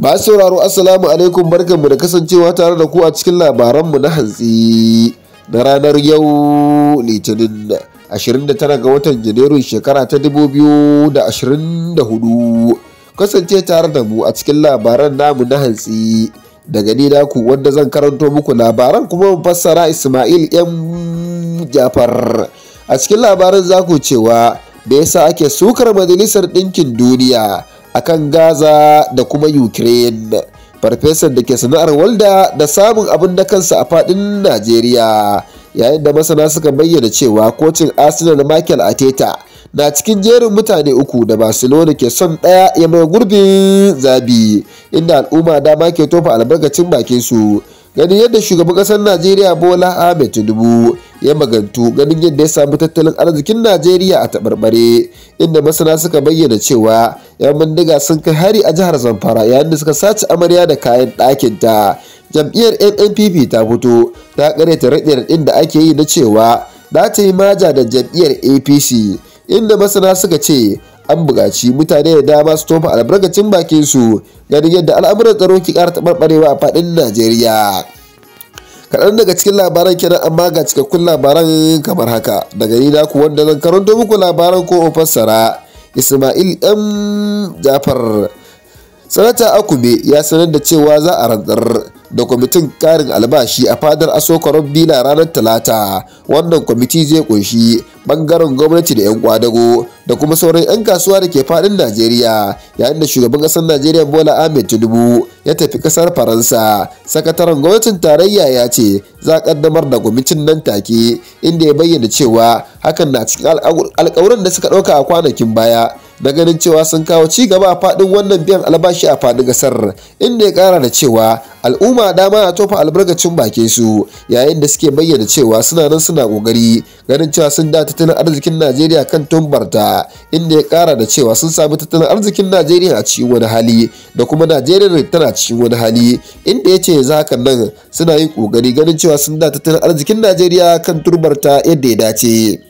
Ba sauraro asalamu alaikum barkanmu da kasancewa tare da ku a cikin labaranmu na hantsi na ranar yau Litinin 29 ga watan Janairun shekara ta 2024. Kasance tare da mu a cikin labaran namu na hantsi daga ni wadda wanda zan karanto muku labaran kuma mu fassara Ismail yan Jafar. A cikin labaran za ku cewa da yasa ake sukar Majalisar Ɗinkin Duniya akan gaza da kuma ukraine farfesan da ke sana'ar walda da samun abin da kansa a fadin najeriya yayin da masana suka bayyana cewa kocin arsenal michael ateta na cikin jerin mutane uku da barcelona ke son daya ya mai gurbin zabi inda al'umma dama ke tofa albarkacin bakin su ganin yadda shugaban kasar najeriya bola ahmed tinubu ya magantu ganin yadda ya samu tattalin arzikin najeriya a taɓarɓare inda masana suka bayyana cewa 'yan bindiga sun kai hari a jihar zamfara yayin da suka sace amarya da kayan ɗakinta jam'iyyar nnpp ta fito ta karyata raɗe-raɗin da ake yi na cewa za ta yi maja da jam'iyyar apc inda masana suka ce an buƙaci mutane da dama su tofa albarkacin bakin su ganin yadda al'amuran tsaro ke ƙara taɓarɓarewa a faɗin najeriya kaɗan daga cikin labaran kenan amma ga cikakkun labaran kamar haka daga ni ku wanda zan karanto muku labaran ko fassara ismail m jafar sanata akume ya sanar da cewa za a rantsar da kwamitin karin albashi a fadar asokaron bila ranar talata wannan kwamiti zai kunshi bangaren gwamnati da 'yan kwadago da kuma sauran 'yan kasuwa da ke fadin najeriya yayin da shugaban kasar najeriya bola ahmed tinubu ya tafi kasar faransa sakataren gwamnatin tarayya ya ce za a kaddamar da kwamitin nan take inda ya bayyana cewa hakan na cikin alkawuran da suka ɗauka a kwanakin baya na ganin cewa sun kawo ci gaba a fadin wannan biyan albashi a fadin gasar inda ya kara da cewa al'umma dama na tofa albarkacin bakin su yayin da suke bayyana cewa suna nan suna kokari ganin cewa sun da tattalin arzikin najeriya kan tumbarta inda ya kara da cewa sun sami tattalin arzikin najeriya a cikin wani hali da kuma najeriya tana cikin wani hali inda ya ce ka haka nan suna yin kokari ganin cewa sun da tattalin arzikin najeriya kan turbarta yadda ya dace.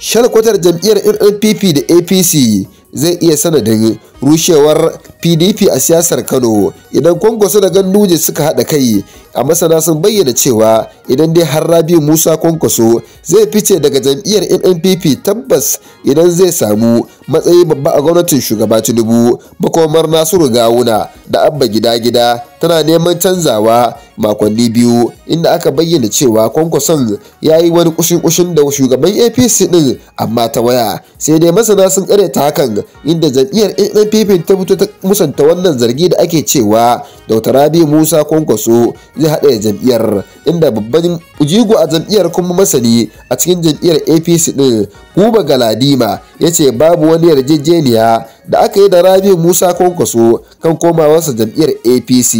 shalkwatar jam'iyyar NNPP da APC zai iya sanadin rushewar PDP a siyasar Kano idan kwankwaso da ganduje suka haɗa kai a masana sun bayyana cewa idan dai har rabi musa kwankwaso zai fice daga jam'iyyar nnpp tabbas idan zai samu matsayi babba a gwamnatin shugaba tinubu makomar nasiru gawuna da abba gida gida tana neman canzawa makonni biyu inda aka bayyana cewa kwankwason ya yi wani kushin-kushin da shugaban apc din amma ta waya sai dai masana sun ta hakan inda jam'iyyar nnpp ta fito ta musanta wannan zargi da ake cewa ba dr rabi musa kwankwaso zai haɗa jam'iyyar inda babban jigo a jam'iyyar kuma masani a cikin jam'iyyar apc din buba galadima ya ce babu wani yarjejeniya da aka yi da rabi musa kwankwaso kan komawarsa jam'iyyar apc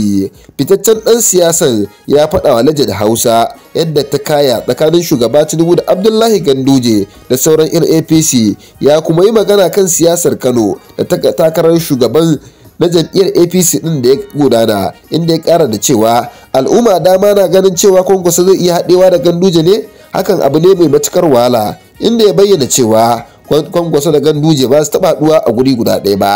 fitaccen ɗan siyasan ya faɗa wa lajar hausa yadda ta kaya tsakanin shugaba tinubu da abdullahi ganduje da sauran irin apc ya kuma yi magana kan siyasar kano da takarar shugaban na jam'iyyar apc din da ya gudana inda ya kara da cewa al'umma dama na ganin cewa kwankwaso zai iya haɗewa da ganduje ne hakan abu ne mai matukar wahala inda ya bayyana cewa kwankwaso da ganduje ba su taɓa haɗuwa a guri guda ɗaya ba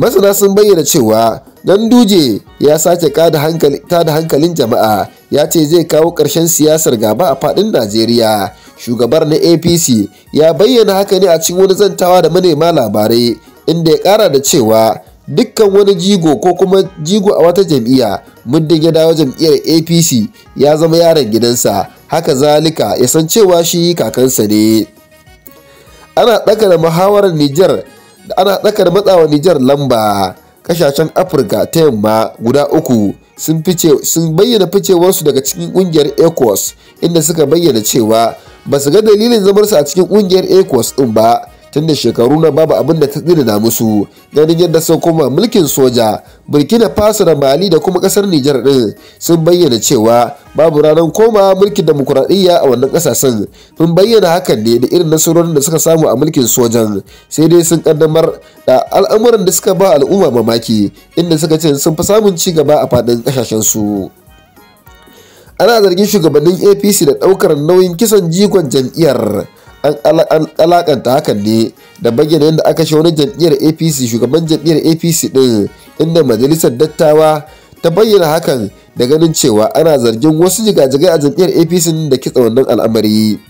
masana sun bayyana cewa ganduje ya sace ta da hankalin jama'a ya ce zai kawo ƙarshen siyasar gaba a faɗin najeriya shugabar na apc ya bayyana haka ne a cikin wani zantawa da manema labarai inda ya kara da cewa dukkan wani jigo ko kuma jigo a wata jam'iyya muddin ya dawo jam'iyyar apc ya zama yaron gidansa haka zalika ya san cewa shi kakansa ne ana tsakar muhawarar nijar da ana tsakar matsawa nijar lamba kasashen afirka ta yamma guda uku sun bayyana ficewarsu daga cikin kungiyar ecos inda suka bayyana cewa ba su ga dalilin zamarsu a cikin kungiyar ecos din ba tun da shekaru na babu abin da ta da musu ganin yadda sun koma mulkin soja burkina faso da mali da kuma kasar nijar din sun bayyana cewa babu ranar koma mulkin demokuraɗiyya a wannan ƙasashen sun bayyana hakan ne da irin nasarorin da suka samu a mulkin sojan sai dai sun kaddamar da al'amuran da suka ba al'umma mamaki inda suka ce sun fi samun ci gaba a faɗin ƙasashen su. ana zargin shugabannin apc da ɗaukar nauyin kisan jikon jam'iyyar an alakanta hakan ne da bayyana yadda aka wani jam'iyyar apc shugaban jam'iyyar apc din inda majalisar dattawa ta bayyana hakan da ganin cewa ana zargin wasu jigajigai a jam'iyyar apc da kitsa wannan al'amari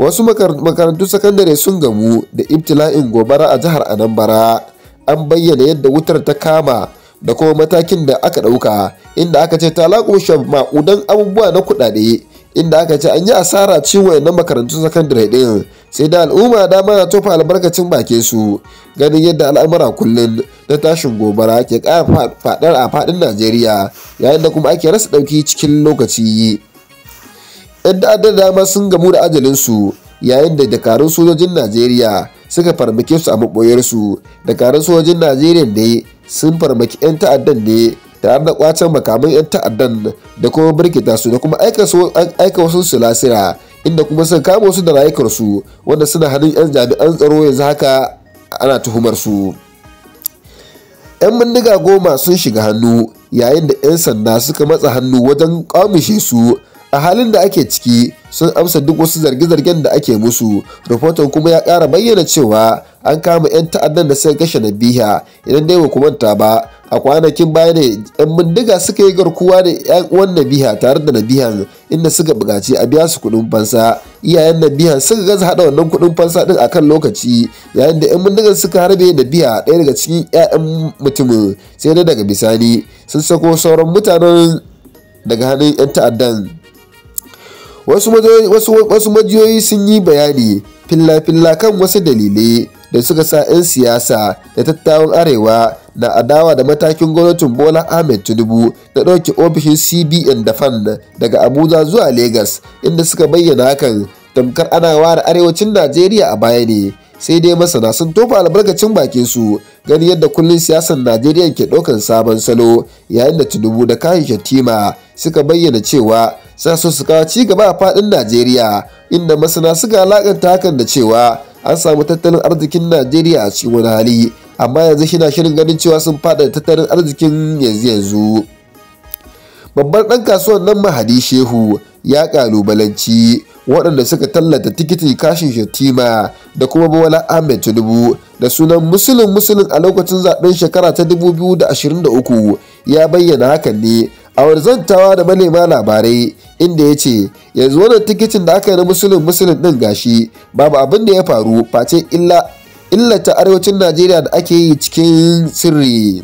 wasu makarantun sakandare sun gamu da ibtila'in gobara a jihar anambra an bayyana yadda wutar ta kama da kuma matakin da aka ɗauka inda aka ce ta laƙushe maƙudan abubuwa na kuɗaɗe inda aka ce an yi asara cikin wayannan makarantun sakandare din sai da al'umma dama na tofa albarkacin bakin su ganin yadda al'amura kullum na tashin gobara ke kara fadar a fadin najeriya yayin da kuma ake rasa ɗauki cikin lokaci yan da'adar dama sun gamu da ajalinsu yayin da dakarun sojojin najeriya suka farmake su a maɓoyarsu dakarun sojojin najeriya ne sun farmaki 'yan ta'addan ne tare da kwacen makaman 'yan ta'addan da kuma birkita su da kuma aika wasu su inda kuma sun kama wasu da rayukarsu wanda suna hannun 'yan jami'an tsaro yanzu haka ana tuhumar su 'yan bindiga goma sun shiga hannu yayin da 'yan sanda suka matsa hannu wajen kwamishe su a halin da ake ciki sun amsa duk wasu zarge-zargen da ake musu rahoton kuma ya kara bayyana cewa an kama 'yan ta'addan da suka kashe nabiha idan dai ba ku manta ba a kwanakin baya ne yan bindiga suka yi garkuwa da yan uwan nabiha tare da nabiha inda suka bukaci a biya su kuɗin fansa iyayen nabiha suka gaza hada wannan kuɗin fansa din akan lokaci yayin da yan bindigan suka harbe nabiha daya daga cikin 'ya'yan mutumin sai dai daga bisani sun sako sauran mutanen daga hannun 'yan ta'addan wasu majiyoyi sun yi bayani filla-filla kan wasu dalilai da suka sa 'yan siyasa da tattawan arewa na adawa da matakin gwamnatin bola ahmed tinubu da ɗauke ofishin cbn da fan daga abuja zuwa lagos inda suka bayyana hakan tamkar ana da arewacin najeriya a baya ne sai dai masana sun tofa albarkacin bakin su gani yadda kullum siyasar najeriya ke ɗaukar sabon salo yayin da tinubu da kayan shatima suka bayyana cewa sa so su kawo ci gaba a faɗin najeriya inda masana suka alakanta hakan da cewa an samu tattalin arzikin najeriya a cikin wani hali amma yanzu shi na shirin ganin cewa sun fada tattalin arzikin yanzu yanzu babban ɗan kasuwan nan mahadi shehu ya kalubalanci waɗanda suka tallata tikitin kashin shatima da kuma bola ahmed tinubu da sunan musulun musulun a lokacin zaɓen shekara ta 2023 ya bayyana hakan ne a warzantawa da manema labarai inda ya ce yanzu wannan tikitin da aka yi na musulun musulun ɗin gashi babu abin da ya faru face illa illata arewacin najeriya da ake yi cikin sirri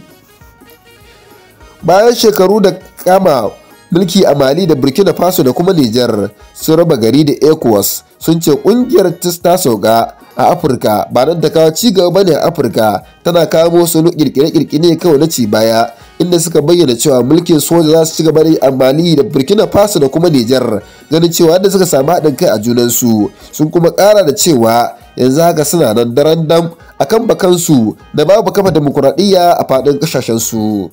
bayan shekaru da kama mulki a mali da burkina faso da kuma nijar sun raba gari da ecowas sun ce kungiyar ta sauka a afirka ba nan da kawo cigaba bane a afirka tana kawo solo kirkire-kirkire kawai na ci baya inda suka bayyana cewa mulkin soja za su ci gaba da mali da burkina faso da kuma nijar ganin cewa da suka samu haɗin kai a junansu sun kuma ƙara da cewa yanzu haka suna nan daren dam a kan bakansu da babu kafa demokuraɗiyya a faɗin su.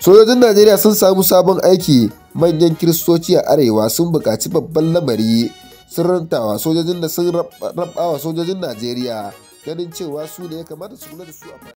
sojojin najeriya sun samu sabon aiki manyan kiristoci a arewa sun buƙaci babban lamari sun rantawa sojojin da sun rabawa sojojin najeriya ganin cewa su ne ya kamata su kula da su a